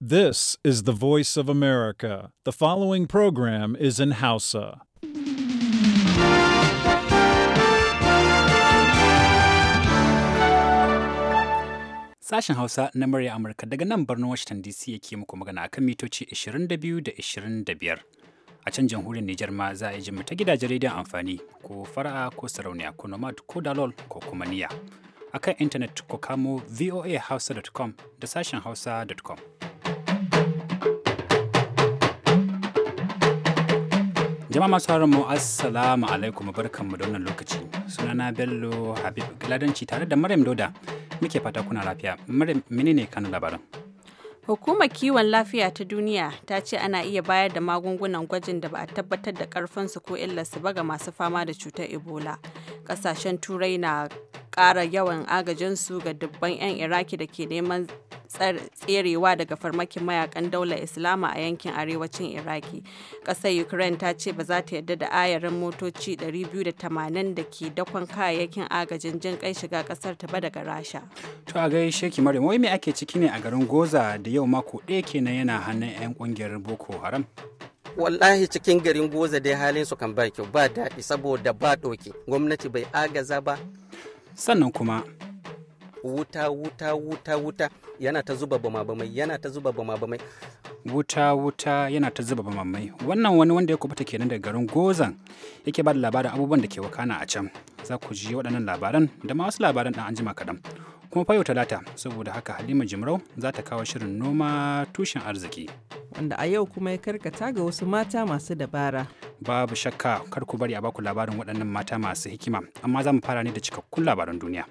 This is the voice of America. The following program is in Hausa. Sashen Hausa na murya Amurka daga nan birnin Washington DC yake muku magana akan mitoci 22 da 25. A can jamhuriyar Nijar ma za a yi mu ta gidajen rediyon amfani ko fara'a ko sarauniya ko nomad ko dalol ko kuma niya. Akan intanet ko kamo voahausa.com da sashen hausa.com. jama'a masu harin mu assalamu alaikum mu da wannan lokaci sunana bello habib giladanci tare da maryam doda muke fata kuna lafiya maryam ne kan labarin Hukumar kiwon lafiya ta duniya ta ce ana iya bayar da magungunan gwajin da ba a tabbatar da karfinsu ko illarsu ba ga masu fama da cutar Ebola. Kasashen Turai na ƙara yawan agajinsu ga dubban 'yan Iraki da ke neman tserewa daga farmakin mayakan daular Islama a yankin arewacin Iraki. Ƙasar Ukraine ta ce ba za ta yarda da ayarin motoci 280 da ke dakon kayayyakin agajin jin kai shiga ƙasar ta ba daga Rasha. To a gaishe ki mare wai ake ciki ne a garin Goza da yau mako ɗaya kenan yana hannun 'yan ƙungiyar Boko Haram? wallahi cikin garin goza dai halin su kan ba kyau ba daɗi saboda ba ɗauki, gwamnati bai agaza ba sannan kuma wuta wuta wuta wuta yana ta zuba bama yana ta zuba wuta wuta yana ta zuba bama wannan wani wanda ya kubuta kenan daga garin gozan yake ba da labarin abubuwan da ke wakana a can za ku ji waɗannan labaran da ma wasu labaran ɗan anjima kaɗan kuma fayo talata saboda haka halima jimrau za ta kawo shirin noma tushen arziki wanda a yau kuma ya karkata ga wasu mata masu dabara babu shakka kar ku bari a baku labarin waɗannan mata masu hikima amma za mu fara ne da cikakkun labaran duniya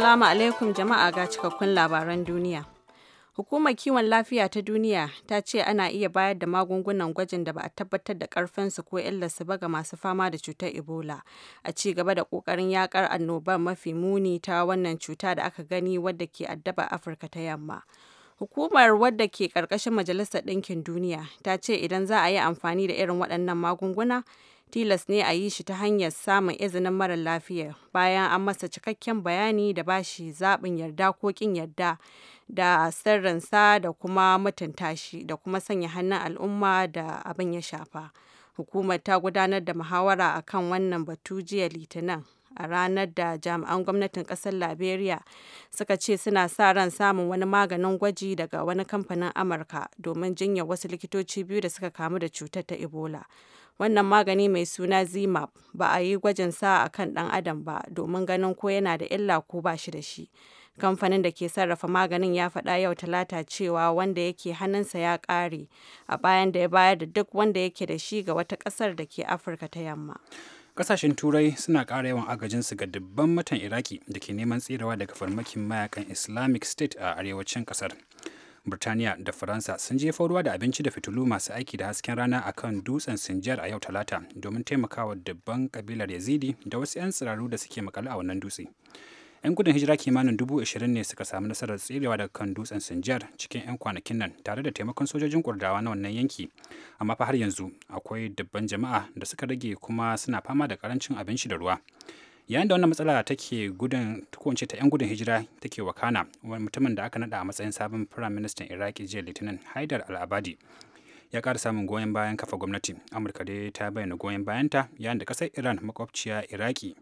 Assalamu alaikum jama'a ga cikakkun labaran duniya. Hukumar kiwon lafiya ta duniya ta ce ana iya bayar da magungunan gwajin da ba a tabbatar da karfinsu ko illarsu ba ga masu fama da cutar Ebola a ci gaba da kokarin yakar annobar mafi muni ta wannan cuta da aka gani wadda ke addaba Afirka ta yamma. Hukumar wadda ke ƙarƙashin Majalisar Ɗinkin Duniya ta ce idan za a yi amfani da irin waɗannan magunguna, tilas ne a yi shi ta hanyar samun izinin mara lafiya bayan an masa cikakken bayani da ba shi zaɓin yarda ko ƙin yarda da sirrinsa da kuma mutunta shi da kuma sanya hannun al'umma da abin ya shafa hukumar ta gudanar da muhawara a kan wannan batu jiya litinin a ranar da jami'an gwamnatin kasar liberia suka ce suna sa ran samun wani maganin gwaji daga wani kamfanin amurka domin jinyar wasu likitoci biyu da suka kamu da cutar ta ebola Wannan magani mai suna Zmapp ba a yi gwajin sa a kan dan adam ba domin ganin ko yana da illa ko ba shi da shi. Kamfanin da ke sarrafa maganin ya faɗa yau Talata cewa wanda yake hannunsa ya ƙare a bayan da ya bayar da duk wanda yake da shi ga wata ƙasar da ke Afirka ta Yamma. ƙasashen turai suna ƙara yawan agajinsu ga dubban matan iraki da ke neman tserawa daga farmakin mayakan islamic state a arewacin ƙasar Birtaniya da Faransa sun jefa ruwa da abinci da fitilu masu aiki da hasken rana a kan dutsen Sinjar a yau Talata domin taimakawa dabban kabilar Yazidi da wasu 'yan tsiraru da suke makale a wannan dutse. 'Yan gudun hijira kimanin dubu ashirin ne suka samu nasarar tserewa daga kan dutsen Sinjar cikin 'yan kwanakin nan tare da taimakon sojojin kurdawa na wannan yanki. Amma fa har yanzu akwai dabban jama'a da suka rage kuma suna fama da karancin abinci da ruwa. yayin da wannan matsala take gudun tukunce ta 'yan gudun hijira take wakana wani mutumin da aka nada a matsayin sabon firayim ministan iraki jiya litinin haidar al'abadi ya ƙara samun goyon bayan kafa gwamnati amurka dai ta bayyana goyon bayanta yayin da kasar iran makwabciya iraki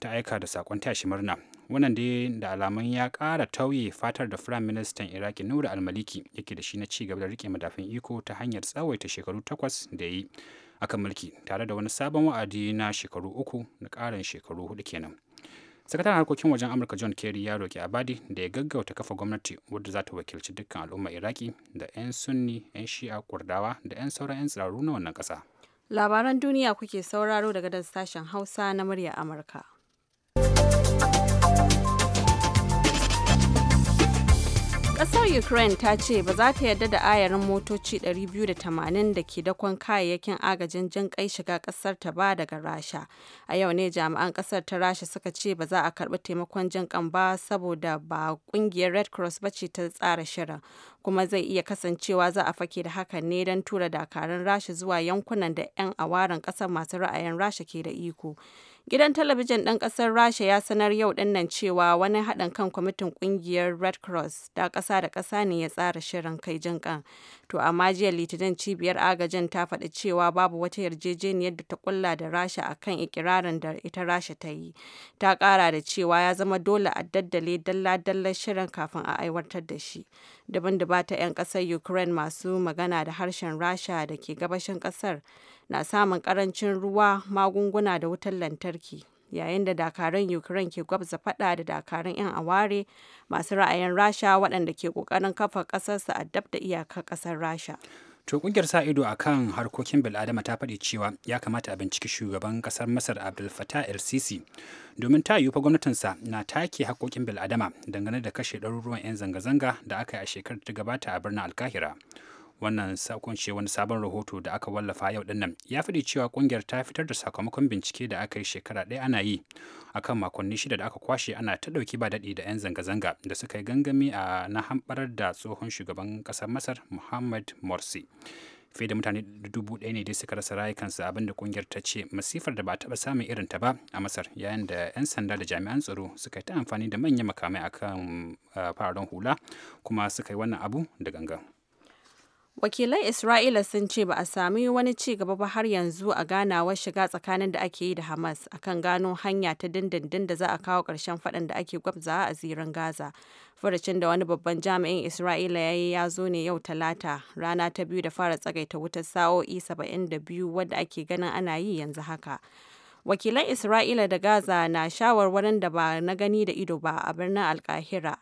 ta aika da sakon tashi murna wannan dai da alamun ya ƙara tauye fatar da firayim ministan iraki nura almaliki yake da shi na ci gaba da rike madafin iko ta hanyar tsawaita shekaru takwas da ya yi akan mulki tare da wani sabon wa'adi na shekaru uku na karin shekaru hudu kenan sakataren harkokin wajen amurka john kerry ya roki abadi da ya gaggauta kafa gwamnati wadda za ta wakilci dukkan al'umma iraki da 'yan sunni 'yan shi'a kurdawa da 'yan sauran 'yan tsiraru na wannan ƙasa labaran duniya kuke sauraro daga sashen hausa na murya amurka kasar Ukraine ta ce ba za ta yarda da ayarin motoci 280 da ke dakon kayayyakin agajin jin kai shiga kasar ta ba daga Rasha. A yau ne jami'an kasar ta Rasha suka ce ba za a karbi taimakon jin kan ba saboda ba kungiyar Red Cross ba ce ta tsara shirin. Kuma zai iya kasancewa za a fake da hakan ne don tura dakarun Rasha zuwa yankunan da 'yan awaran ƙasar masu ra'ayin Rasha ke da iko. Gidan talabijin ɗan ƙasar Rasha ya sanar yau nan cewa wani haɗin kan kwamitin ƙungiyar Red Cross da ƙasa da ƙasa ne ya tsara shirin kai jin ƙan To amma jiya Litinin cibiyar agajin ta faɗi cewa babu wata yarjejeniyar da ta kulla da Rasha a kan ikirarin da ita Rasha ta yi. Ta ƙara da cewa ya zama dole a daddale dalla-dallar shirin kafin a aiwatar da shi. Daban da ta 'yan ƙasar Ukraine masu magana da harshen Rasha da ke gabashin ƙasar na samun karancin ruwa magunguna da wutar lantarki yayin da dakarun ukraine ke gwabza fada da dakarun 'yan aware masu ra'ayin rasha waɗanda ke ƙoƙarin kafa ƙasarsa a dab da iyakar ƙasar rasha to kungiyar sa ido akan harkokin bil'adama ta faɗi cewa ya kamata a binciki shugaban ƙasar masar abdul fatah el sisi domin ta yiwu fa gwamnatinsa na take harkokin bil'adama dangane da kashe ɗaruruwan 'yan zanga-zanga da aka yi a shekarar ta gabata a birnin alkahira wannan kunshe wani sabon rahoto da aka wallafa yau dinnan ya faɗi cewa kungiyar ta fitar da sakamakon bincike da aka yi shekara ɗaya ana yi akan makonni shida da aka kwashe ana ta ɗauki ba daɗi da 'yan zanga-zanga da suka yi gangami a na hamɓarar da tsohon shugaban ƙasar masar muhammad morsi fiye da mutane dubu ɗaya ne dai suka rasa rayukansu abin da kungiyar ta ce masifar da ba taɓa samun irin ta ba a masar yayin da 'yan sanda da jami'an tsaro suka yi ta amfani da manyan makamai akan fararen hula kuma suka yi wannan abu da gangan Wakilan Isra'ila sun ce ba a sami wani ci gaba ba har yanzu a ganawar shiga tsakanin da ake yi da Hamas a kan gano hanya ta dindindin da za a kawo ƙarshen faɗan da ake gwabza a zirin Gaza. Furucin da wani babban jami'in Isra'ila ya yi ya zo ne yau Talata, rana ta biyu da fara tsagaita wutar sa'o'i biyu wadda ake ganin ana yi yanzu haka. Wakilan Isra'ila da Gaza na shawarwarin da ba na gani da ido ba a birnin Alkahira.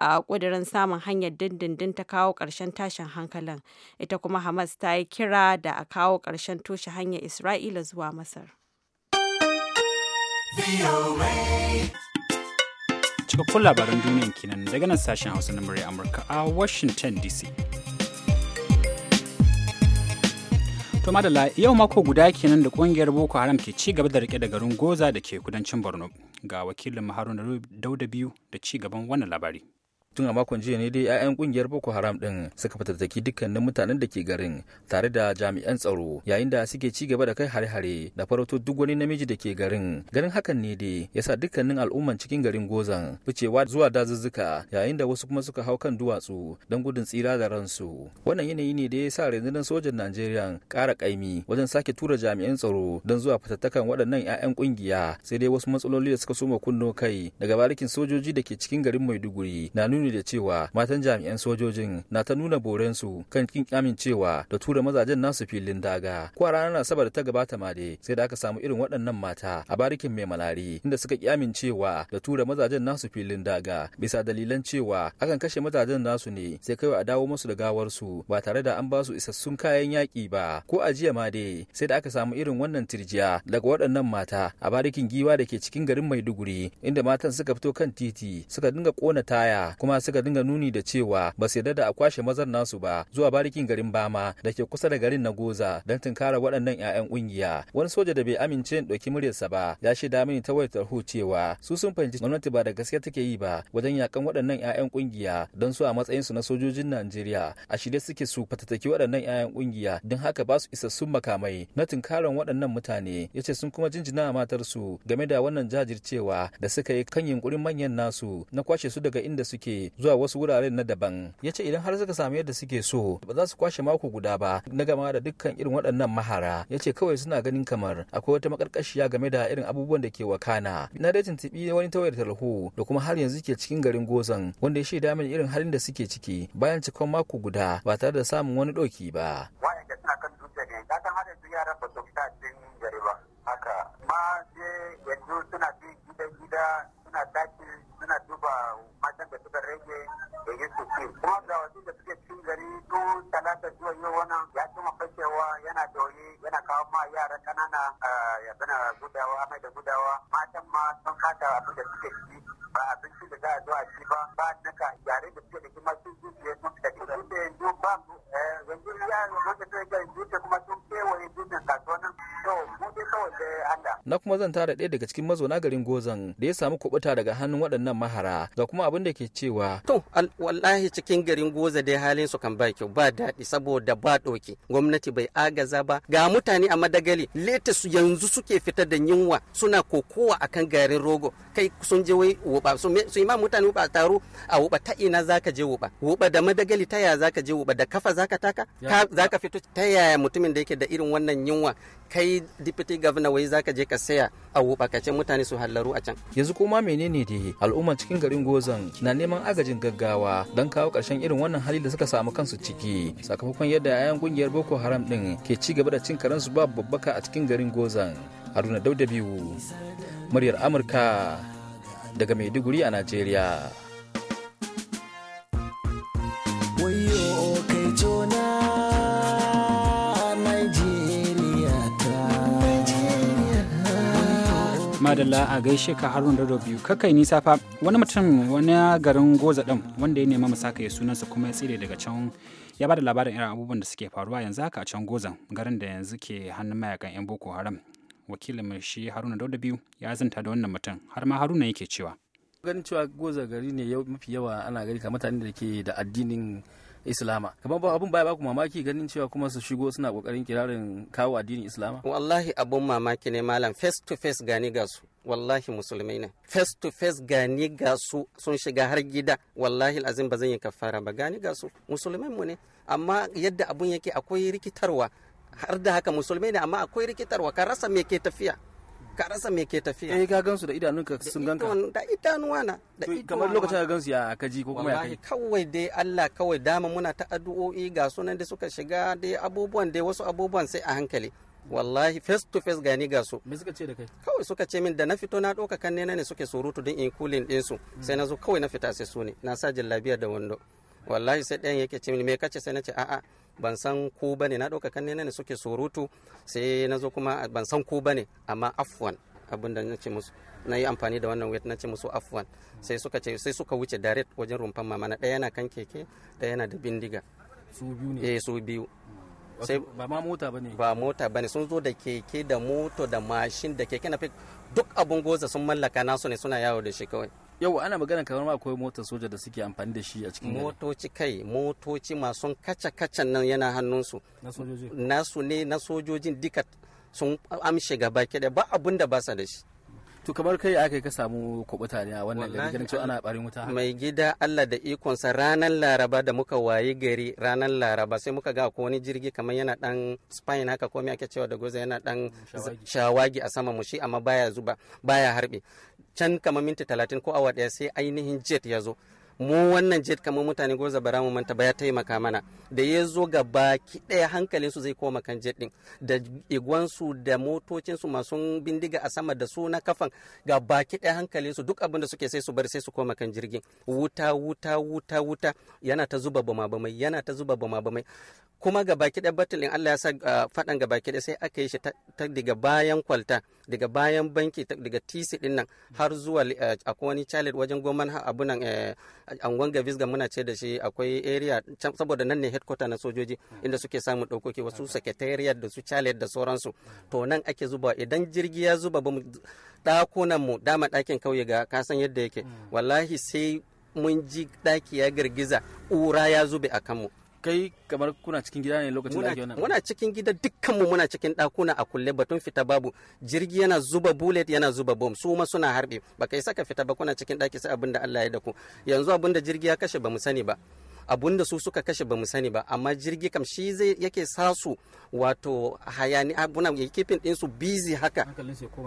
a kudirin samun hanyar dindindin ta kawo ƙarshen tashin hankalin ita kuma hamas ta yi kira da a kawo ƙarshen toshe hanyar isra'ila zuwa masar cikakkun labaran duniyan kenan daga nan sashen hausa na murya amurka a washington dc To madala yau mako guda kenan da kungiyar Boko Haram ke ci gaba da rike da garin Goza da ke kudancin Borno. Ga wakilin Haruna Dauda biyu da ci gaban wannan labari. tun a makon jiya ne dai 'ya'yan kungiyar boko haram din suka fatattaki dukkanin mutanen da ke garin tare da jami'an tsaro yayin da suke ci gaba da kai hare-hare da farauto duk wani namiji da ke garin garin hakan ne dai ya sa dukkanin al'umman cikin garin gozan ficewa zuwa dazuzzuka yayin da wasu kuma suka hau kan duwatsu don gudun tsira da ransu wannan yanayi ne da ya sa rundunar sojan najeriya kara ƙaimi wajen sake tura jami'an tsaro don zuwa fatattakan waɗannan 'ya'yan kungiya sai dai wasu matsaloli da suka soma kunno kai daga barikin sojoji da ke cikin garin maiduguri na nuna nuni da cewa matan jami'an sojojin na ta nuna borensu kan kin amincewa da tura mazajen nasu filin daga ko a ranar asabar da ta gabata ma dai sai da aka samu irin waɗannan mata a barikin mai malari inda suka ki amincewa da tura mazajen nasu filin daga bisa dalilan cewa akan kashe mazajen nasu ne sai kawai a dawo musu da gawar su ba tare da an ba su isassun kayan yaki ba ko a jiya ma dai sai da aka samu irin wannan tirjiya daga waɗannan mata a barikin giwa da ke cikin garin maiduguri inda matan suka fito kan titi suka dinga kona taya kuma kuma suka dinga nuni da cewa ba su yarda da a kwashe mazan nasu ba zuwa barikin garin bama da ke kusa da garin na goza don tunkara waɗannan 'ya'yan ƙungiya wani soja da bai amince da ɗauki muryarsa ba ya shaida mini ta wayar tarho cewa su sun fahimci gwamnati ba da gaske take yi ba wajen yakan waɗannan 'ya'yan ƙungiya don su a matsayin su na sojojin najeriya a shirye suke su fatattaki waɗannan 'ya'yan ƙungiya don haka ba su isassun makamai na tunkaran waɗannan mutane yace sun kuma jinjina matarsu game da wannan jajircewa da suka yi kan yunkurin manyan nasu na kwashe su daga inda suke zuwa wasu wuraren na daban ya ce idan har suka samu yadda suke so ba za su kwashe mako guda ba na gama da dukkan irin waɗannan mahara ya ce kawai suna ganin kamar akwai wata makarkashiya game da irin abubuwan da ke wakana na dai tuntuɓi wani tawayar tarho da kuma har yanzu ke cikin garin gozan wanda ya shaida mini irin halin da suke ciki bayan cikon mako guda ba tare da samun wani ɗauki ba. Wa'anda suna kan dutse ne, har yanzu yaran ba su fita cikin gari ba. ma je yanzu suna bi gida-gida suna daki suna duba matan da suka rage da yi su kuma ga wasu da suke cikin gari tun talata zuwa yau wani ya ci mafashewa yana dauri yana kawo ma yara kanana ya zana gudawa amai da gudawa matan ma sun kata abin da suke ci ba abinci da za a zo a ci ba ba naka yare da suke da kuma na kuma zan tara ɗaya daga cikin mazauna garin Gozan da ya samu kubuta daga hannun waɗannan mahara ga kuma abin da ke cewa to wallahi cikin garin Goza dai halin su kan ba kyau ba daɗi saboda ba ɗoki gwamnati bai agaza ba ga mutane a madagali leta su yanzu suke fitar da yunwa suna kokowa akan garin rogo kai sun je wai wuba su ma mutane wuba taro a wuba ta ina zaka je wuba wuba da madagali ta yaya zaka je wuba da kafa zaka taka zaka fito ta yaya mutumin da yake da irin wannan yunwa kai deputy governor wai zaka je ka saya a wubakacin mutane su hallaru a can yanzu kuma menene ne al'umma cikin garin gozan na neman agajin gaggawa don kawo karshen irin wannan hali da suka samu kansu ciki sakamakon yadda 'ya'yan kungiyar boko haram din ke ci gaba da cin su ba babbaka a cikin garin gozan haruna dauda muryar amurka daga maiduguri a nigeria. madalla a gaishe ka harun da biyu kakai nisa fa wani mutum wani garin goza din wanda ya nema saka ya sunansa kuma ya tsire daga can ya bada labarin irin abubuwan da suke faruwa yanzu haka a can gozan garin da yanzu ke hannun mayakan yan boko haram wakilin mai shi haruna da biyu ya zanta da wannan mutum har ma haruna yake cewa ganin cewa goza gari ne mafi yawa ana gari ka mutane da ke da addinin islama kamar ba abun baya ba ku mamaki ganin cewa kuma su shigo suna kokarin kirarin kawo addinin islama wallahi abun mamaki ne malam face to face gani ga su wallahi musulmai ne face to face gani ga su sun shiga har gida wallahi azim ba zan yi kafara ba gani ga su musulmai mu ne amma yadda abun yake akwai rikitarwa har da haka musulmai ne amma akwai rikitarwa ka rasa me ke tafiya ka rasa me ke tafiya eh ka gansu da idanunka sun ganka da idanuwa na da idanuwa kamar lokacin ka gansu ya kaji ko kuma ya kai kawai dai Allah kawai dama muna ta addu'o'i ga sunan da suka shiga dai abubuwan dai wasu abubuwan sai a hankali wallahi face to face gani ga su me suka ce da kai kawai suka ce min da na fito na ɗauka kan ne suke surutu din in kulin din su mm. sai na zo kawai na fita sai su ne na sa jallabiya da wando wallahi sai ɗayan yake ce min me kace sai na ce a'a ban san ku bane na ɗauka kan ne suke surutu sai na zo kuma ban san ku bane amma afwan abin da nace musu na yi amfani da wannan wet nace musu afwan sai suka ce sai suka wuce direct wajen rumfan mama na ɗaya yana kan keke ɗaya yana da bindiga su biyu ne eh su biyu sai ba ma mota bane ba mota bane sun zo da keke da moto da mashin da keke na duk abun goza sun mallaka nasu ne suna yawo da shi kawai yau ana magana kamar ma akwai motar soja da suke amfani da shi a cikin motoci kai motoci masu kaca kacan nan yana hannunsu na sojoji nasu ne na sojojin duka sun amshe gaba da ba abun da ba sa da shi to kamar kai aka ka samu kubuta ne a wannan gari ganin cewa ana barin wuta mai gida Allah da ikonsa ranar laraba da muka wayi gari ranar laraba sai muka ga ko wani jirgi kamar yana dan spine haka ko me ake cewa da goza yana dan shawagi a sama mu shi amma baya zuba baya harbe can kamar minti talatin ko awa ɗaya sai ainihin jet ya zo mu wannan jet kamar mutane goza bara mu manta ba ya taimaka mana da ya zo ga baki ɗaya hankalin su zai koma kan jet din da igwansu da motocin su masu bindiga a sama da su na kafan ga baki ɗaya hankalin duk abin da suke sai su bar sai su koma kan jirgin wuta wuta wuta wuta yana ta zuba bama bama yana ta zuba bama bama kuma ga baki ɗaya battle Allah ya sa ah, faɗan ga baki ɗaya sai aka yi shi ta daga bayan kwalta daga bayan banki daga tc din nan har zuwa eh, akwai wani chalet wajen goman abu nan eh, angon gavis ga muna ce da shi akwai area saboda nan ne headquarter na sojoji inda suke samun ɗaukoki wasu secretariat da su chalet da sauransu to nan ake zuba idan jirgi ya zuba ba mu dakunan mu dama dakin kauye ga kasan yadda yake hmm. wallahi sai mun ji daki ya girgiza ƙura ya zube a kanmu kai kamar kuna cikin gida ne lokacin da ake wannan muna cikin gida dukkan mu muna cikin dakuna a kulle batun fita babu jirgi yana zuba bullet yana zuba bomb su ma suna harbe baka yi saka fita ba kuna cikin daki sai abinda Allah ya daku yanzu abinda jirgi ya kashe bamu sani ba abinda su suka kashe bamu sani ba amma jirgi kam shi zai yake sasu wato hayani abuna kifin din su busy haka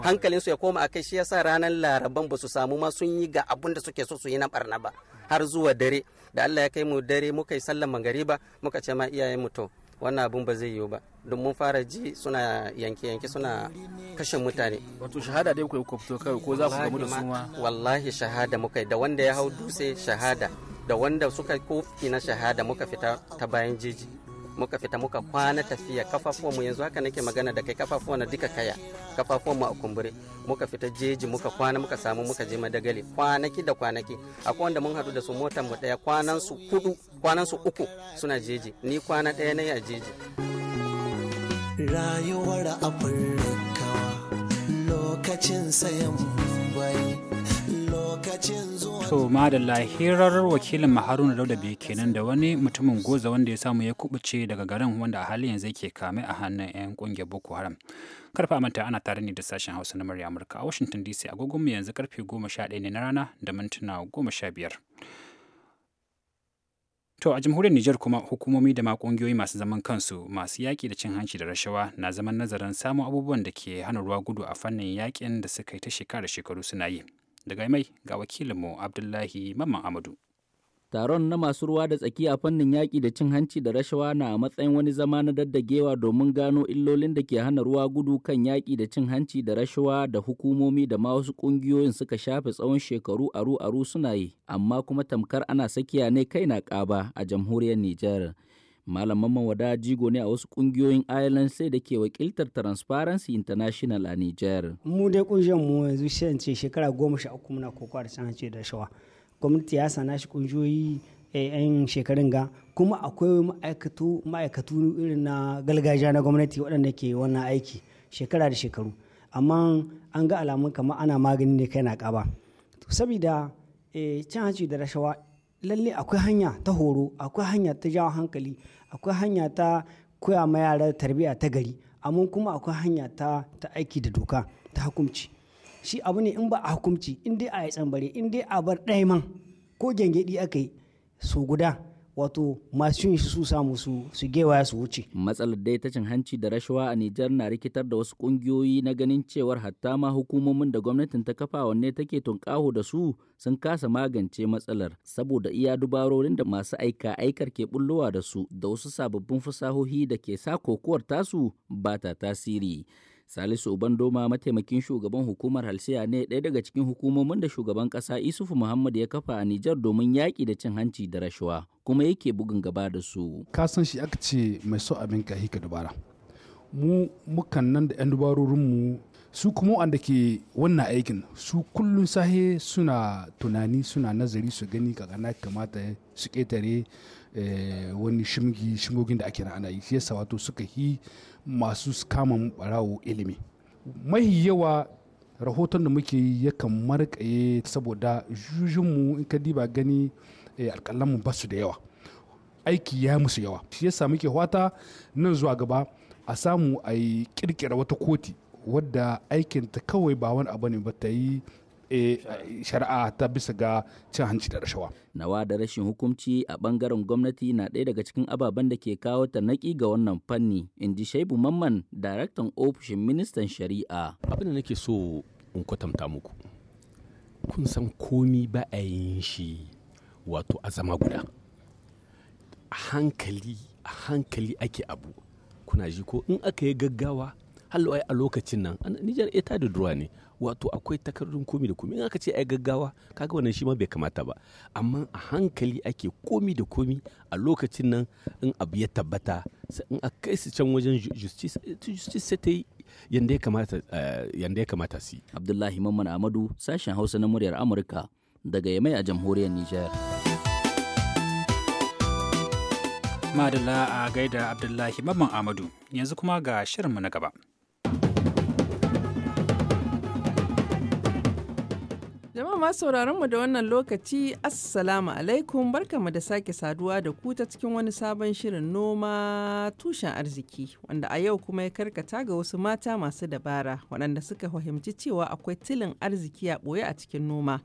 hankalin su ya koma akai shi yasa ranar laraban ba su samu ma sun yi ga abunda suke so su yi na barna ba har zuwa dare da Allah ya kai mu dare muka yi sallan magariba muka ce ma iyayen mu to wannan abun ba zai yiwu ba don mun fara ji suna yanke yanke suna kashe mutane wato shahada dai kuka fito kai ko za ku gamu da su wallahi shahada muka da wanda ya hau dutse shahada da wanda suka kofi na shahada muka fita ta bayan jeji muka fita muka kwana tafiya kafafuwanmu yanzu haka nake magana da kai kafafuwan na duka kaya kafafuwanmu a kumbure muka fita jeji muka kwana muka samu muka je madagali kwanaki da kwanaki akwai wanda mun hadu da su motar mu daya kwanan su kudu kwanan su uku suna jeji ni kwana daya nayi a jeji rayuwar afirka lokacin sayan bai To madalla hirar wakilin Haruna Dauda bai kenan da wani mutumin goza wanda ya samu ya kubuce daga garin wanda a halin yanzu yake kame a hannun 'yan kungiyar Boko Haram. Karfa manta ana tare ne da sashen Hausa na murya Amurka a Washington DC agogon mu yanzu karfe 11 ne na rana da mintuna 15. To a jamhuriyar Nijar kuma hukumomi da ma kungiyoyi masu zaman kansu masu yaƙi da cin hanci da rashawa na zaman nazarin samun abubuwan da ke hana ruwa gudu a fannin yaƙin da suka yi ta shekara shekaru suna yi. Daga mai ga wakilinmu Abdullahi Mamman Amadu. Taron na masu ruwa da tsaki a fannin yaƙi da cin hanci da rashawa na a matsayin wani zama na daddagewa domin gano illolin da ke hana ruwa gudu kan yaƙi da cin hanci da rashawa da hukumomi da ma wasu ƙungiyoyin suka shafe tsawon shekaru aru-aru suna yi, amma kuma tamkar ana sakiya ne kai na ƙaba a jamhuriyar Nijar. malaman mawada Wada Jigo ne a wasu kungiyoyin Ireland sai da ke wakiltar Transparency International a Niger. Mu dai kungiyar mu yanzu shan ce shekara goma sha uku muna kokowa da cin ce da shawa. Gwamnati ya sana shi kungiyoyi eh, yan shekarun ga kuma akwai ma'aikatu irin na gargajiya na gwamnati waɗanda ke wannan aiki shekara da shekaru. Amma an ga alamun kamar ana magani ne kai na ƙaba. To sabida eh, cin hanci da rashawa lalle akwai hanya ta horo akwai hanya ta jawo hankali akwai hanya ta koya ma yara tarbiyya ta gari amma kuma akwai hanya ta ta aiki da doka ta hukunci shi abu ne in ba a hukunci in dai a yi tsambare in dai a bar ɗaya man ko gyangyaɗi aka yi so guda wato masu yin su samu su su gewa su wuce. Matsalar dai ta hanci da rashawa a Nijar na rikitar da wasu kungiyoyi na ganin cewar hatta ma hukumomin da gwamnatin ta kafa wanne take tunkaho da su sun kasa magance matsalar saboda iya dubarorin da masu aika aikar ke bullowa da su da wasu sababbin fasahohi da ke sa kokowar tasu ba ta tasiri. Salisu Ubandoma mataimakin shugaban hukumar Halsiya ne ɗaya daga cikin hukumomin da shugaban ƙasa Isufu Muhammad ya kafa a Nijar domin yaƙi da cin hanci da rashawa kuma yake bugun gaba da su. Ka san shi aka ce mai so abin ka hika dubara. Mu mukan nan da 'yan dubarorinmu su kuma wanda ke wannan aikin su kullum sahe suna tunani suna nazari su gani kakana kamata su ƙetare Eh, wani shimgi shimogin da ake na ana yi shi yasa wato suka yi masu kaman barawo ilimi mahi yawa rahoton da muke yi yakan markaye saboda mu in ka diba gani eh, alƙalanmu ba su da yawa aiki ya musu yawa shi yasa muke wata nan zuwa gaba a samu a yi kirkira wata koti wadda aikinta kawai ba wani abu ne ba ta yi Eh, shari'a ta bisa ga cin hanci da rashawa. Nawa da rashin hukumci a bangaren gwamnati na ɗaya daga cikin ababen da ke kawo tarnaƙi ga wannan fanni, in ji Shaibu Mamman, daraktan ofishin ministan shari'a. Abin da nake so in kwatanta muku, kun san komi ba a yin shi wato a zama guda. A hankali, hankali ake abu. Kuna ji ko in aka yi gaggawa hallo a lokacin nan Nijar ita eh, da duruwa ne wato akwai takardun komi da komi in aka ce ai gaggawa kaga wannan shi ma bai kamata ba amma a hankali ake komi da komi a lokacin nan in abu ya tabbata in a kai su can wajen justice eh, justice sai ta yi yanda ya kamata eh, yanda Abdullahi Mamman Amadu sashen Hausa na muryar Amurka daga Yamai a jamhuriyar Nijar Madalla a gaida Abdullahi Mamman Amadu yanzu kuma ga shirinmu na gaba. Jama'a ma sauraron mu da wannan lokaci Assalamu alaikum barkamu da sake saduwa da ku ta cikin wani sabon shirin noma tushen arziki wanda a yau kuma ya karkata ga wasu mata masu dabara waɗanda suka fahimci cewa akwai tilin arziki a ɓoye a cikin noma.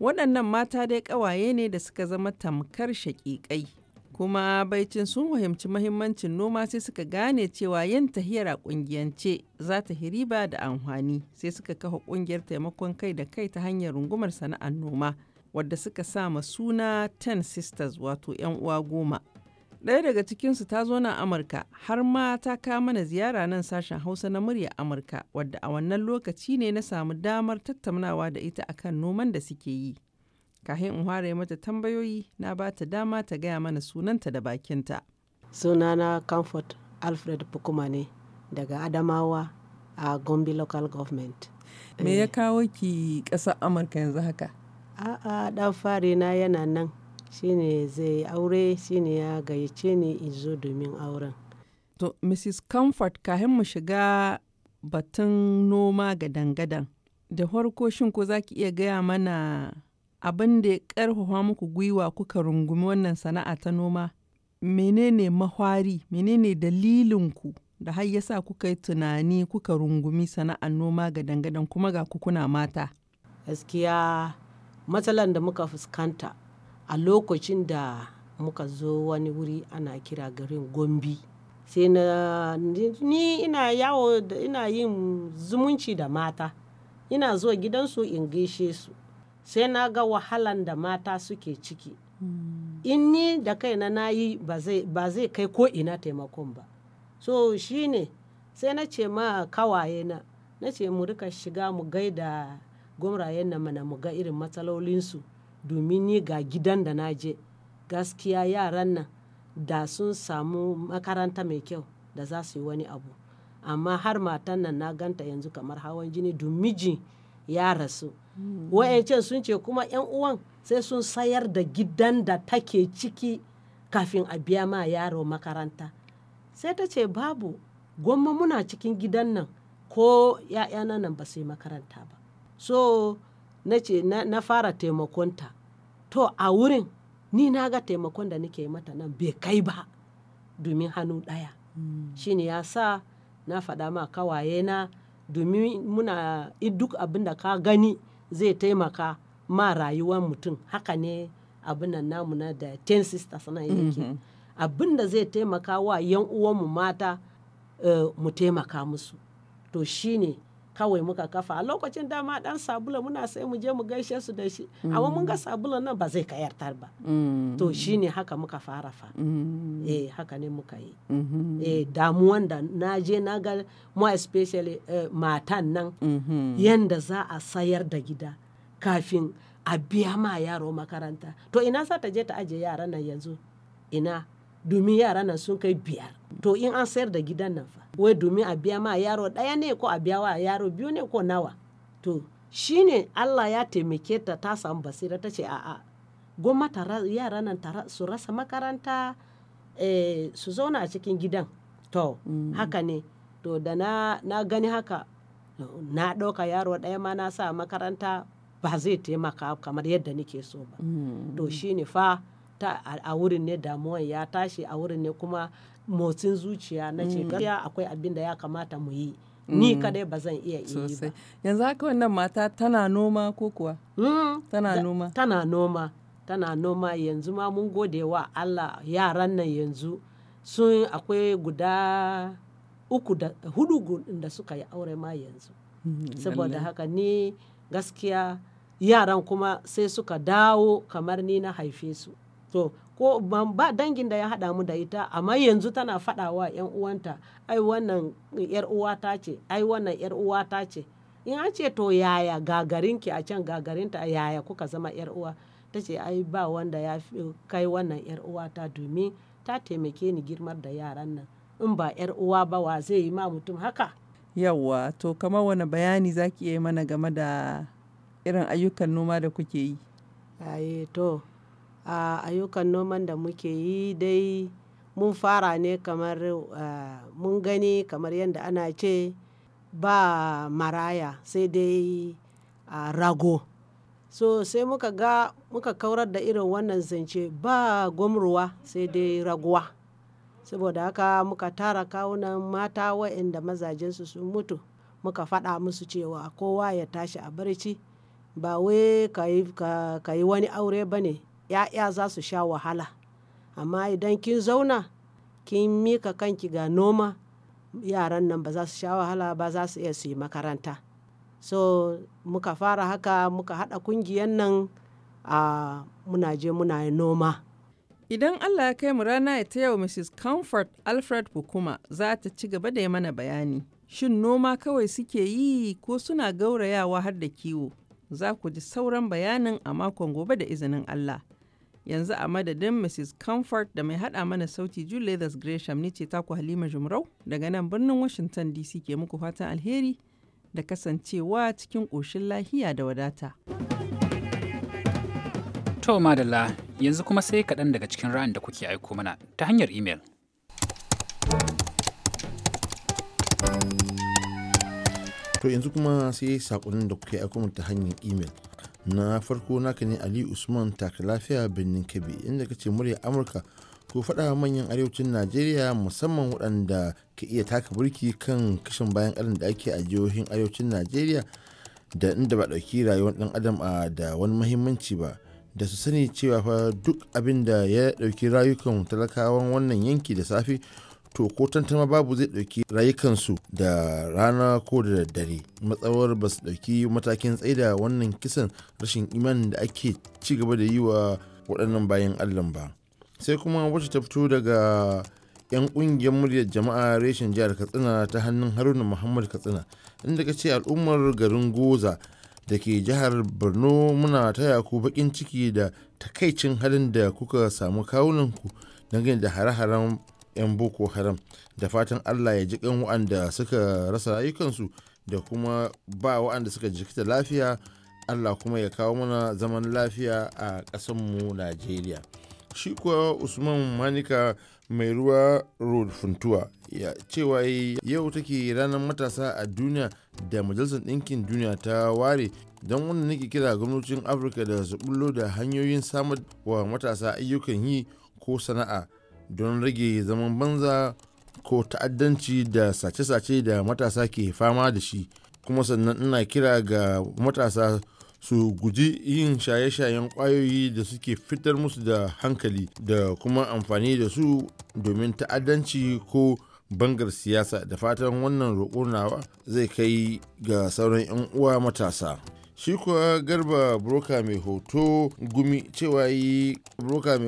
Waɗannan mata dai ƙawaye ne da suka zama tamkar shaƙiƙai kuma baicin sun fahimci mahimmancin noma sai suka gane cewa yin tahiyar a kungiyance za ta riba da amfani sai suka kafa kungiyar taimakon kai da kai ta hanyar rungumar sana'ar noma wadda suka sa ma suna ten sisters wato yan uwa goma ɗaya daga cikinsu ta zo na amurka har ma ta kawo mana ziyara nan sashen hausa na murya amurka wadda a wannan lokaci ne na samu damar tattaunawa da ita akan noman da suke yi Kahin in ware mata tambayoyi na ba ta dama ta gaya mana sunanta da bakinta. Sunana Comfort Alfred Bukuma ne daga Adamawa a Gombe Local Government. Me eh. ya kawo ki ƙasar Amurka yanzu haka? A'a ɗan fari na yana nan shine zai aure shine ya gayyace ni in zo domin auren. To, Mrs. Comfort, kafin mu shiga batun noma gadan-gadan, da farko shin ko za ki iya gaya mana abin da ya karfafa muku gwiwa kuka rungumi wannan sana'a ta noma menene mahwari menene dalilinku da har ya sa kuka yi tunani kuka rungumi sana'ar noma ga dangadan kuma ga kuna mata gaskiya matsalan da muka fuskanta a lokacin da muka zo wani wuri ana kira garin gombi sai na ni ina yawo ina yin zumunci da mata ina zuwa gidansu in gaishe su sai na ga wahalan da mata suke ciki hmm. in ni da kaina na yi ba zai kai ko ina taimakon ba so shine sai na ce ma kawaye na na ce mu rika shiga mu gaida gwamrayen na mana mu ga irin matsalolinsu domin ni ga gidan da na je gaskiya yaran nan da sun samu makaranta mai kyau da za su yi wani abu amma har matan nan na ganta yanzu kamar hawan jini domin mijin ya rasu mm. wa'yancan sun ce kuma 'yan uwan sai sun sayar da gidan da take ciki kafin a biya ma yaro makaranta sai ta ce babu gwamma muna cikin gidan nan ko 'ya'yana nan ba su yi makaranta ba so na ce na fara taimakonta to a wurin ni na ga taimakon da nake mata nan bai kai ba domin hannu ɗaya mm. ne ya sa na faɗa ma kawaye na domin muna duk abin da ka gani zai taimaka ma rayuwar mutum haka ne abin nan namu na da ten sisters nan yake mm-hmm. abin da zai taimaka wa yan uwanmu mata eh, mu taimaka musu to shine kawai muka kafa a lokacin dama dan sabula muna sai mu je mu gaishe su da shi amma mun ga mm. sabula nan ba zai kayartar ba mm. to shine haka muka fara fa mm. eh haka ne muka yi mm-hmm. eh damuwan da na je na ga mu especially eh, matan nan mm-hmm. yanda za a sayar da gida kafin a biya ma yaro makaranta to ina za ta je ta aje yaran nan yanzu ina domin yaran nan sun kai biyar to in an sayar da gidan nan fa wai domin a biya ma yaro ɗaya ne ko a biya wa yaro biyu ne ko nawa to shine Allah ya taimake ta ta samu basira ta ce a'a goma yara nan su rasa makaranta eh, su zauna a cikin gidan to mm. haka ne to da na, gani haka na ɗauka yaro ɗaya ma na sa makaranta ba zai taimaka kamar yadda nake so ba mm. to shine fa ta a wurin ne damuwan ya tashi a wurin ne kuma motsin zuciya na ce mm. gaskiya akwai abin da ya kamata mu yi mm. ni kadai ba zan iya yi ba yanzu haka wannan mata tana noma ko kuwa mm. tana noma tana noma tana noma yanzu ma mun gode wa Allah yaran nan yanzu sun akwai guda uku da hudu da suka yi aure ma yanzu saboda haka ni gaskiya yaran kuma sai suka dawo kamar ni na haife su to ko ba dangin da ya haɗa mu da ita amma yanzu tana faɗawa yan uwanta ai wannan yar uwata ce ai wannan yar uwata ce in an ce to yaya gagarinki a can gagarinta yaya kuka zama yar uwa ta ce ai ba wanda ya kai wannan yar uwata domin ta taimake ni girmar da yaran nan in ba yar uwa ba wa zai yi ma mutum haka yawwa to kamar wani bayani zaki yi mana game da irin ayyukan noma da kuke yi Ayeto. A ayyukan noman da muke yi dai mun fara ne kamar eh, mun gani kamar yadda ana ce ba maraya sai dai rago. So sai muka ga muka kaurar da irin wannan zance ba gwamruwa sai dai raguwa. Saboda haka muka tara kawunan mata waɗanda mazajensu sun mutu muka faɗa musu cewa kowa ya tashi a barci ba wai ka yi wani aure ba ne. 'ya'ya za su sha wahala amma idan kin zauna kin mika kanki ga noma yaran nan ba za su sha wahala ba za su iya su yi makaranta so muka fara haka muka haɗa kungiyan nan a muna je muna noma idan allah ya kai mu rana ya ta yau mrs comfort alfred bukuma za ta ci gaba da yi mana bayani shin noma kawai suke yi ko suna gaurayawa har da kiwo za ku ji sauran bayanin a makon gobe da izinin allah yanzu a madadin mrs comfort da mai hada mana sauti julius gresham ni ce taku halima jumrau daga nan birnin washington dc ke muku fatan alheri da kasancewa cikin ƙoshin lahiya da wadata to madalla yanzu kuma sai kaɗan daga cikin ra'ayin da kuke aiko mana ta hanyar email to yanzu kuma sai sakonin da kuke aiko mana ta hanyar email na farko naka ne ali usman taka lafiya birnin kebbi inda ka ce murya amurka ko faɗa manyan arewacin najeriya musamman waɗanda ka iya taka burki kan kashin bayan ƙarin da ake a jihohin arewacin najeriya da inda ba ɗauki rayuwar ɗan adam a da wani mahimmanci ba da su sani cewa fa duk abin da ya ɗauki rayukan talakawan wannan yanki da safe to ko tantama babu zai ɗauki rayukansu da rana ko da daddare matsawar ba su ɗauki matakin tsaida wannan kisan rashin imanin da ake ci gaba da yi wa waɗannan bayan allah ba sai kuma wacce ta fito daga 'yan ƙungiyar muryar jama'a reshen jihar katsina ta hannun haruna muhammad katsina inda ka ce al'ummar garin goza da ke jihar borno muna taya ku bakin ciki da takaicin halin da kuka samu kawunanku dangane da hare-haren 'yan boko haram da fatan allah ya ji kan waɗanda suka rasa rayukansu da kuma ba waɗanda suka jikita lafiya allah kuma ya kawo mana zaman lafiya a ƙasanmu najeriya shi kuwa usman manika mai ruwa road funtuwa ya cewa yau take ranar matasa a duniya da majalisar ɗinkin duniya ta ware don wanda nake kira gwamnatin afirka da su bullo da hanyoyin samar wa matasa ayyukan yi ko sana'a don rage zaman banza ko ta'addanci da sace-sace da matasa ke fama da shi kuma sannan ina kira ga matasa su guji yin shaye-shayen kwayoyi da suke fitar musu da hankali da kuma amfani da su domin ta'addanci ko bangar siyasa da fatan wannan roƙo zai kai ga sauran 'yan uwa matasa shi kuwa garba broka mai hoto mai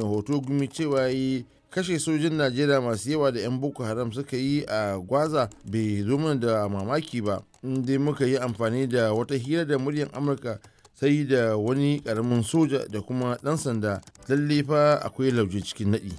hoto gumi cewa yi kashe sojin najeriya masu yawa da 'yan boko haram suka yi a gwaza bai zo mana da mamaki ba inda muka yi amfani da wata hira da muryar amurka sai da wani karamin soja da kuma dan sanda lalle fa akwai lauje cikin nadi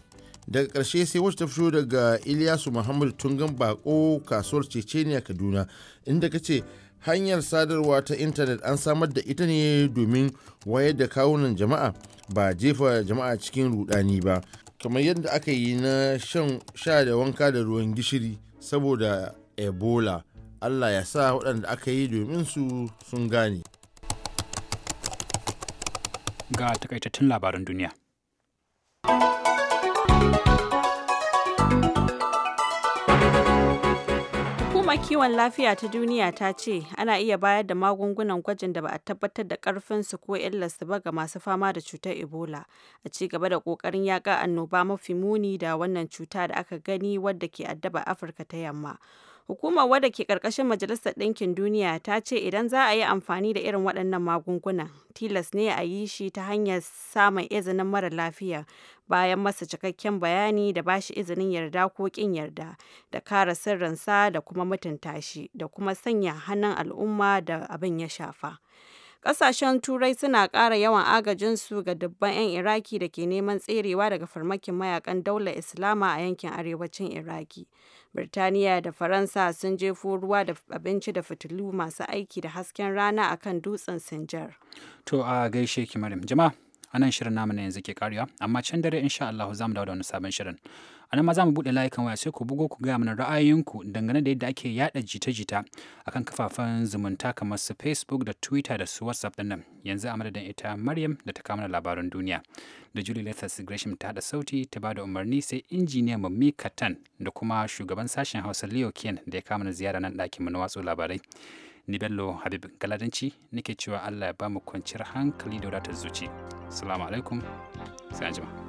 daga karshe sai wacce ta fito daga iliyasu muhammadu tungan bako kasuwar ceceniya kaduna inda ka ce hanyar sadarwa ta intanet an samar da ita ne domin wayar da kawunan jama'a ba jefa jama'a cikin rudani ba kamar yadda aka yi na shan sha da wanka da ruwan gishiri saboda ebola allah ya sa waɗanda aka yi domin su sun gane ga takaitattun labaran duniya Hukumar kiwon lafiya ta duniya ta ce ana iya bayar da magungunan gwajin da ba a tabbatar da karfin su ko illarsu ba ga masu fama da cutar Ebola a ci gaba da kokarin yaka annoba mafi muni da wannan cuta da aka gani wadda ke addaba Afirka ta Yamma. Hukumar wadda ke ƙarƙashin Majalisar Ɗinkin Duniya ta ce idan za a yi amfani da irin waɗannan magunguna, tilas ne a yi shi ta hanyar samun izinin mara lafiya bayan masa cikakken bayani da ba shi izinin yarda ko ƙin yarda, da kare sirrinsa da kuma mutunta shi, da kuma sanya hannun al'umma da abin ya shafa. kasashen Turai suna ƙara yawan agajinsu ga dubban 'yan Iraki da ke neman tserewa daga farmakin mayakan daular Islama a yankin arewacin Iraki. Birtaniya da Faransa sun jefo ruwa da abinci da fitilu masu aiki da hasken rana a kan dutsen Sinjar. To a gaishe ki jima'a a anan shirin namu na yanzu ke karewa, amma can dare insha Allah za mu dawo da wani sabon shirin. A nan ma za mu buɗe layukan waya sai ku bugo ku gaya mana ra'ayoyinku dangane da yadda ake yaɗa jita-jita akan kafafen zumunta kamar su Facebook da Twitter da su WhatsApp ɗin nan. Yanzu a madadin ita Maryam da ta kama labarin duniya. Da Julie Lathas Gresham ta haɗa sauti ta ba da umarni sai injiniyan mu Mika Tan da kuma shugaban sashen Hausa Leo Kien da ya kama ziyara nan ɗakin mu na watsu labarai. Ni Bello Habib Galadanci nake cewa Allah ya ba mu kwanciyar hankali da wadatar zuci. Salamu alaikum. Sai anjima.